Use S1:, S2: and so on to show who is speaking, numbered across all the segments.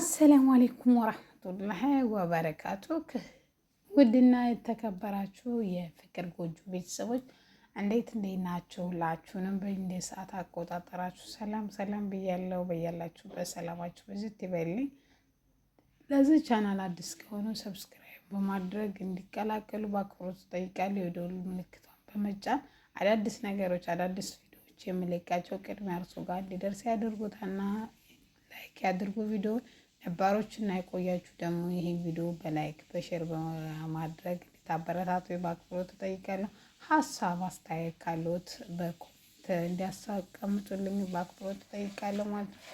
S1: አሰላሙ አሌይኩም ወራህመቱላሂ ወበረካቱ። ውድና የተከበራችሁ የፍቅር ጎጆ ቤተሰቦች እንዴት እንዴት ናችሁ? ሁላችሁንም በእንደ ሰዓት አቆጣጠራችሁ ሰላም ሰላም ብያለሁ። በያላችሁበት ሰላማችሁ በዝት ይበልኝ። ለዚህ ቻናል አዲስ ከሆኑ ሰብስክራይብ በማድረግ እንዲቀላቀሉ በአክብሮት እጠይቃለሁ። የደወል ምልክቷን በመጫን አዳዲስ ነገሮች አዳዲስ ቪዲዮዎች የምለቃቸው ቅድሚያ እርሶ ጋር እንዲደርስ ያድርጉትና ላይክ ያድርጉ ቪዲዮውን ነባሮች እና የቆያችሁ ደግሞ ይህን ቪዲዮ በላይክ በሼር በማድረግ እንድታበረታቱ በአክብሮት እጠይቃለሁ። ሀሳብ አስተያየት ካለዎት በኮሜንት እንዲያስቀምጡልኝ በአክብሮት እጠይቃለሁ ማለት ነው።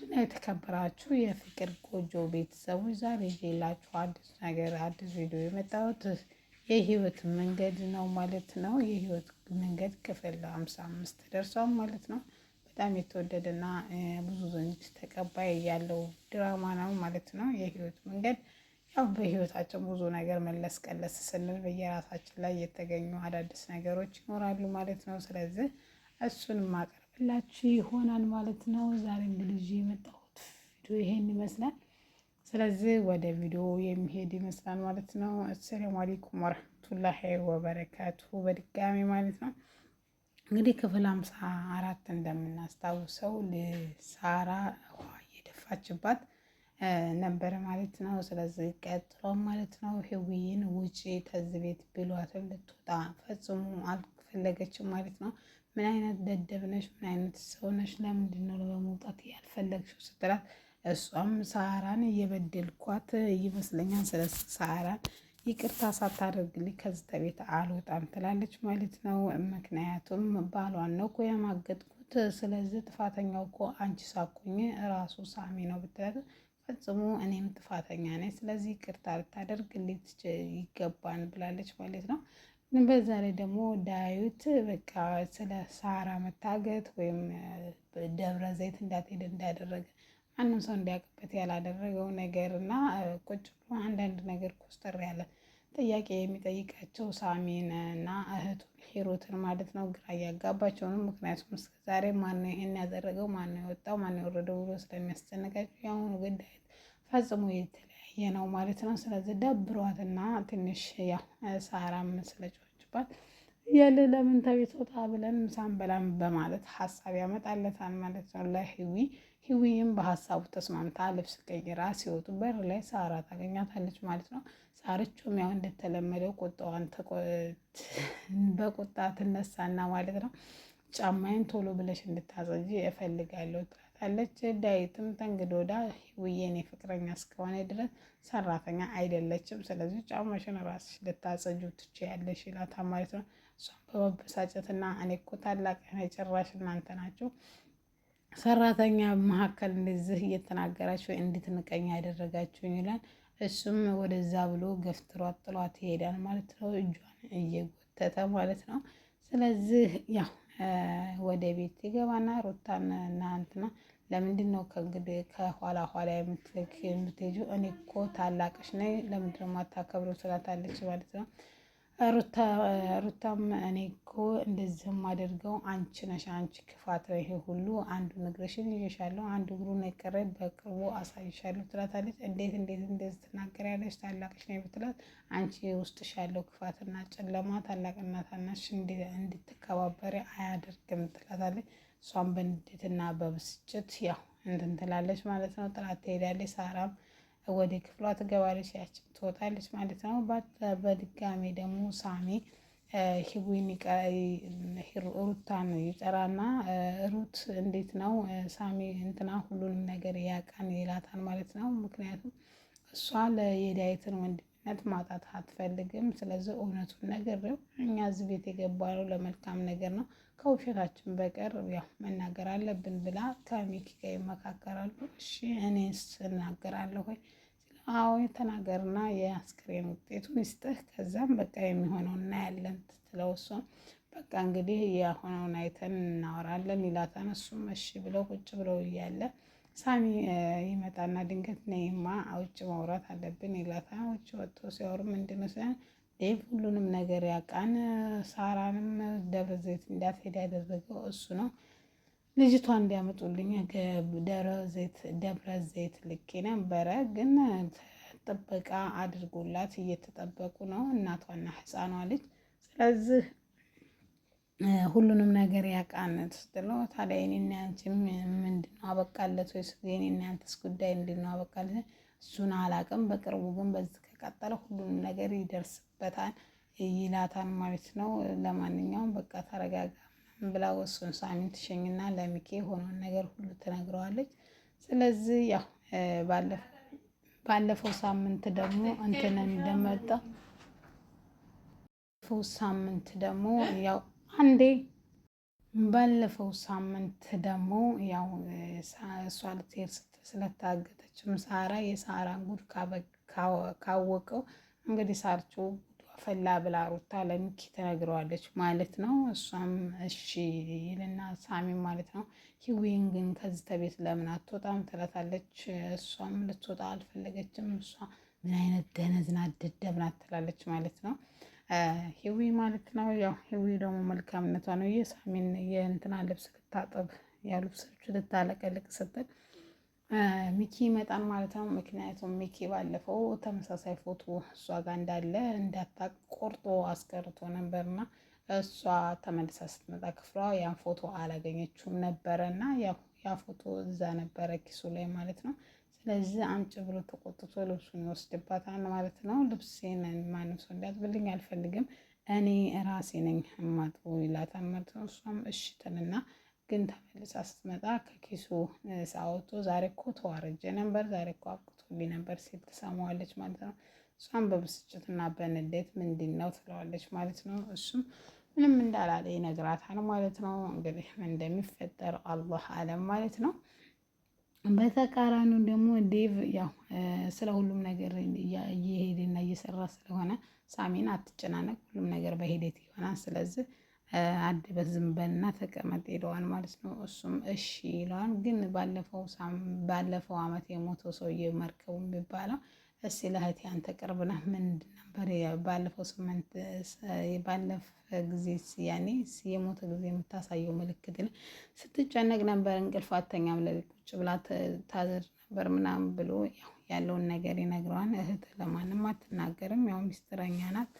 S1: ድና የተከበራችሁ የፍቅር ጎጆ ቤተሰቦች ዛሬ ይዤላችሁ አዲስ ነገር አዲስ ቪዲዮ የመጣሁት የህይወት መንገድ ነው ማለት ነው። የህይወት መንገድ ክፍል አምሳ አምስት ደርሷል ማለት ነው። በጣም የተወደደና ብዙ ዘንድ ተቀባይ ያለው ድራማ ነው ማለት ነው። የህይወት መንገድ ያው በህይወታችን ብዙ ነገር መለስ ቀለስ ስንል በየራሳችን ላይ የተገኙ አዳዲስ ነገሮች ይኖራሉ ማለት ነው። ስለዚህ እሱን ማቀርብላችሁ ይሆናል ማለት ነው። ዛሬ እንግዲህ የመጣሁት ቪዲዮ ይሄን ይመስላል። ስለዚህ ወደ ቪዲዮ የሚሄድ ይመስላል ማለት ነው። አሰላሙ አለይኩም ወረህመቱላሂ ወበረካቱሁ በድጋሚ ማለት ነው። እንግዲህ ክፍል አምሳ አራት እንደምናስታውሰው ሳራ ውሃ እየደፋችባት ነበረ ማለት ነው። ስለዚህ ቀጥሎ ማለት ነው ህዊይን ውጪ ከዚህ ቤት ብሏት ልትወጣ ፈጽሞ አልፈለገችም ማለት ነው። ምን አይነት ደደብ ነሽ? ምን አይነት ሰው ነሽ? ለምንድን ነው ለመውጣት ያልፈለግሽው? ስትላት እሷም ሳራን እየበደልኳት ይመስለኛል ስለ ሳራን ይቅርታ ሳታደርግልኝ ከዚህ ከቤት አልወጣም ትላለች ማለት ነው። ምክንያቱም ባሏን ነው እኮ ያማገጥኩት፣ ስለዚህ ጥፋተኛው እኮ አንቺ ሳኩኝ ራሱ ሳሚ ነው ብትላት ፈጽሞ እኔም ጥፋተኛ ነኝ፣ ስለዚህ ይቅርታ ልታደርግ እንዴት ይገባን ብላለች ማለት ነው። በዛ ላይ ደግሞ ዳዊት በቃ ስለ ሳራ መታገት ወይም ደብረ ዘይት እንዳትሄድ እንዳደረገ ማንም ሰው እንዲያውቅበት ያላደረገው ነገር እና ቁጭ ብሎ አንዳንድ ነገር ኮስተር ያለ ጥያቄ የሚጠይቃቸው ሳሚን እና እህቱን ሂሩትን ማለት ነው ግራ እያጋባቸው ነው። ምክንያቱም እስከዛሬ ማነው ይሄን ያደረገው ማነው የወጣው ማነው የወረደው ብሎ ስለሚያስጨንቃቸው የአሁኑ ግዳይ ፈጽሞ የተለያየ ነው ማለት ነው። ስለዚህ ደብሯትና ትንሽ ያው ሳራም ስለጮችባት ያለ ለምን ተቤት ወጣ ብለን ምሳን በላም በማለት ሀሳብ ያመጣለታል ማለት ነው ለህዊ ሂዊም በሀሳቡ ተስማምታ ልብስ ቀይራ ሲወጡ በር ላይ ሳራ ታገኛታለች ማለት ነው። ሳርቹም ያው እንደተለመደው ቁጣዋን በቁጣ ትነሳና ማለት ነው ጫማዬን ቶሎ ብለሽ እንድታጸጂ እፈልጋለሁ ትላታለች። ዳይትም ተንግዶዳ ወዳ የፍቅረኛ እስከሆነ ድረስ ሰራተኛ አይደለችም፣ ስለዚህ ጫማሽን ራስሽ ልታጸጂ ትችያለሽ ይላታ ማለት ነው። እሷም በመበሳጨትና እኔ እኮ ታላቅ ጭራሽ እናንተ ናችሁ ሰራተኛ መካከል እንደዚህ እየተናገራችሁ እንድትንቀኝ ያደረጋችሁኝ ይላል። እሱም ወደዛ ብሎ ገፍትሯት ጥሏት ይሄዳል ማለት ነው፣ እጇን እየጎተተ ማለት ነው። ስለዚህ ያው ወደ ቤት ይገባና ሩታን እናንትና ለምንድን ነው ከእንግዲህ ከኋላ ኋላ የምትሄጂው? እኔ እኮ ታላቅሽ ነኝ፣ ለምንድን ነው የማታከብረው? ስላታለች ማለት ነው ሩታም እኔ እኮ እንደዚህም አድርገው አንቺ ነሽ አንቺ ክፋት ነው ይሄ ሁሉ አንዱ ነግረሽን ይዤሻለሁ አንዱ እግሩን የቀረ በቅርቡ አሳይሻለሁ ትላታለች። እንዴት እንዴት እንደዚህ ትናገሪያለሽ ታላቅሽ ነው ብትላት አንቺ ውስጥሽ ያለው ክፋትና ጨለማ ታላቅና ታናሽ እንድትከባበሪ አያደርግም ትላታለች። እሷም በንዴትና በብስጭት ያው እንትን ትላለች ማለት ነው። ጥላት ትሄዳለች። ሳራም ወደ ክፍሏ ትገባለች፣ ያችን ትወጣለች ማለት ነው። በድጋሜ ደግሞ ሳሚ ሂቡን ሩታን ይጠራና ሩት እንዴት ነው ሳሚ እንትና ሁሉንም ነገር ያቃን ይላታል ማለት ነው። ምክንያቱም እሷ ለየዳይትን ወንድምነት ማጣት አትፈልግም። ስለዚህ እውነቱን ነገር እኛ እዚህ ቤት የገባነው ለመልካም ነገር ነው፣ ከውሸታችን በቀር ያው መናገር አለብን ብላ ከሚኪ ጋር ይመካከራሉ። እሺ እኔ ስናገራለሁ ወይ አዎ የተናገርና የአስክሬን ውጤቱን ይስጥህ፣ ከዛም በቃ የሚሆነው እናያለን ትትለው እሷም በቃ እንግዲህ የሆነውን አይተን እናወራለን ይላታን። እሱም እሺ ብለው ቁጭ ብለው እያለ ሳሚ ይመጣና ድንገት ነይማ አውጭ ማውራት አለብን ይላታን። ውጭ ወጥቶ ሲያወሩ ምንድን ነው ዴቭ ሁሉንም ነገር ያውቃን፣ ሳራንም ደብረ ዘይት እንዳትሄድ ያደረገው እሱ ነው ልጅቷ እንዲያመጡልኝ ደብረ ዘይት ደብረ ዘይት ልኬ ነበረ፣ ግን ጥበቃ አድርጎላት እየተጠበቁ ነው እናቷና ህፃኗ ልጅ። ስለዚህ ሁሉንም ነገር ያቃነት ስትሎ ታዲያ የኔና ያንቺ ምንድነው አበቃለት ወይስ የኔና ያንተስ ጉዳይ ምንድነው አበቃለት? እሱን አላቅም። በቅርቡ ግን በዚህ ከቀጠለ ሁሉንም ነገር ይደርስበታል ይላታል ማለት ነው። ለማንኛውም በቃ ተረጋጋ ብላ ወሱን ሳሚን ትሸኝና ለሚኪ የሆነውን ነገር ሁሉ ትነግረዋለች። ስለዚህ ያው ባለፈው ሳምንት ደግሞ እንትን እንደመጣ ባለፈው ሳምንት ደግሞ ያው አንዴ ባለፈው ሳምንት ደግሞ ያው እሷ ልትሄድ ስለታገተችም ሳራ የሳራ ጉድ ካወቀው እንግዲህ ሳርቹ ፈላ ብላ ሩታ ለሚኪ ተነግረዋለች ማለት ነው። እሷም እሺ ይልና ሳሚ ማለት ነው ሂዊን ግን ከዚህ ተቤት ለምን አትወጣም ትላታለች። እሷም ልትወጣ አልፈለገችም። እሷ ምን አይነት ደነዝ ናት ትላለች ማለት ነው። ሂዊ ማለት ነው ያው ሂዊ ደግሞ መልካምነቷ ነው የሳሚን የእንትና ልብስ ልታጠብ ያሉ ልብሶች ልታለቀልቅ ስትል ሚኪ ይመጣል ማለት ነው። ምክንያቱም ሚኪ ባለፈው ተመሳሳይ ፎቶ እሷ ጋር እንዳለ እንዳታቅ ቆርጦ አስቀርቶ ነበርና እሷ ተመልሳ ስትመጣ ክፍሏ ያን ፎቶ አላገኘችውም ነበረ እና ያ ፎቶ እዛ ነበረ ኪሱ ላይ ማለት ነው። ስለዚህ አምጭ ብሎ ተቆጥቶ ልብሱን ይወስድባታል ማለት ነው። ልብሴን ማንም ሰው እንዲያጥብልኝ አልፈልግም እኔ ራሴ ነኝ እማጥበው ይላታል ማለት ነው። እሷም እሽትንና ግን ተመልሳ ስትመጣ ከኪሱ ሳወጡ ዛሬ እኮ ተዋረጀ ነበር፣ ዛሬ እኮ አብቅቶልኝ ነበር ሲል ትሰማዋለች ማለት ነው። እሷም በብስጭትና በንዴት ምንድን ነው ትለዋለች ማለት ነው። እሱም ምንም እንዳላለ ይነግራታል ማለት ነው። እንግዲህ እንደሚፈጠር አላህ አለም ማለት ነው። በተቃራኒው ደግሞ ዴቭ ያው ስለ ሁሉም ነገር እየሄደና እየሰራ ስለሆነ ሳሚን አትጨናነቅ፣ ሁሉም ነገር በሂደት ይሆናል። ስለዚህ አድ ዝም በልና ተቀመጥ ይለዋል ማለት ነው። እሱም እሺ ይለዋል። ግን ባለፈው ባለፈው ዓመት የሞተው ሰውዬ መርከቡ የሚባለው እስ ለእህቴ አንተ ቅርብ ነህ ምንድን ነበር ባለፈው ስምንት ባለፈ ጊዜ ያኔ የሞተ ጊዜ የምታሳየው ምልክት ነ ስትጨነቅ ነበር እንቅልፍ አተኛም ለሊት ቁጭ ብላ ታዘር ነበር ምናምን ብሎ ያለውን ነገር ይነግረዋል። እህት ለማንም አትናገርም፣ ያው ሚስጥረኛ ናት።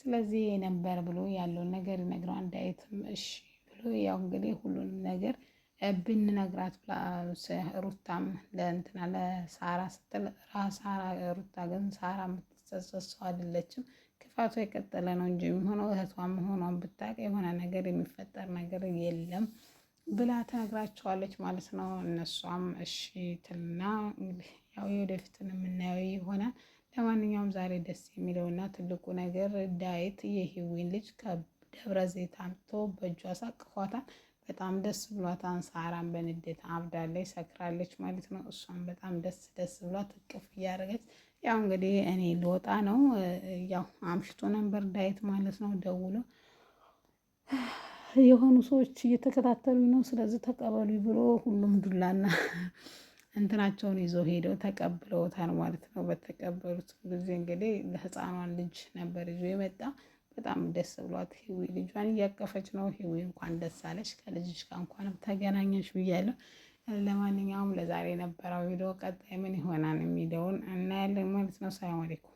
S1: ስለዚህ ነበር ብሎ ያለውን ነገር ይነግረው እንዳየትም እሺ ብሎ ያው እንግዲህ ሁሉንም ነገር ብንነግራት ሩታም ለእንትና ለሳራ ስትል ሳራ ሩታ ግን ሳራ የምትጸጸት ሰው አይደለችም። ክፋቷ የቀጠለ ነው እንጂ የሚሆነው እህቷ መሆኗን ብታቅ የሆነ ነገር የሚፈጠር ነገር የለም ብላ ትነግራቸዋለች ማለት ነው። እነሷም እሺ ትልና ያው የወደፊትን የምናየው ይሆናል። ለማንኛውም ዛሬ ደስ የሚለውና ትልቁ ነገር ዳዊት የሂዊን ልጅ ከደብረ ዘይት አምጥቶ በእጇ አሳቅፏታል። በጣም ደስ ብሏታን። ሳራን በንዴት አብዳለች፣ ሰክራለች ማለት ነው። እሷን በጣም ደስ ደስ ብሏት እቅፍ እያደረገች ያው እንግዲህ እኔ ልወጣ ነው። ያው አምሽቶ ነበር ዳዊት ማለት ነው ደውሎ የሆኑ ሰዎች እየተከታተሉኝ ነው፣ ስለዚህ ተቀበሉ ብሎ ሁሉም ዱላና እንትናቸውን ይዘው ሄደው ተቀብለውታል ማለት ነው። በተቀበሉት ጊዜ እንግዲህ ለህፃኗን ልጅ ነበር ይዞ የመጣ በጣም ደስ ብሏት ህዊ ልጇን እያቀፈች ነው። ህዊ እንኳን ደስ አለሽ፣ ከልጅሽ ጋር እንኳንም ተገናኘሽ ብያለሁ። ለማንኛውም ለዛሬ የነበረው ቪዲዮ ቀጣይ ምን ይሆናል የሚለውን እናያለን ማለት ነው። ሰላም አለይኩም።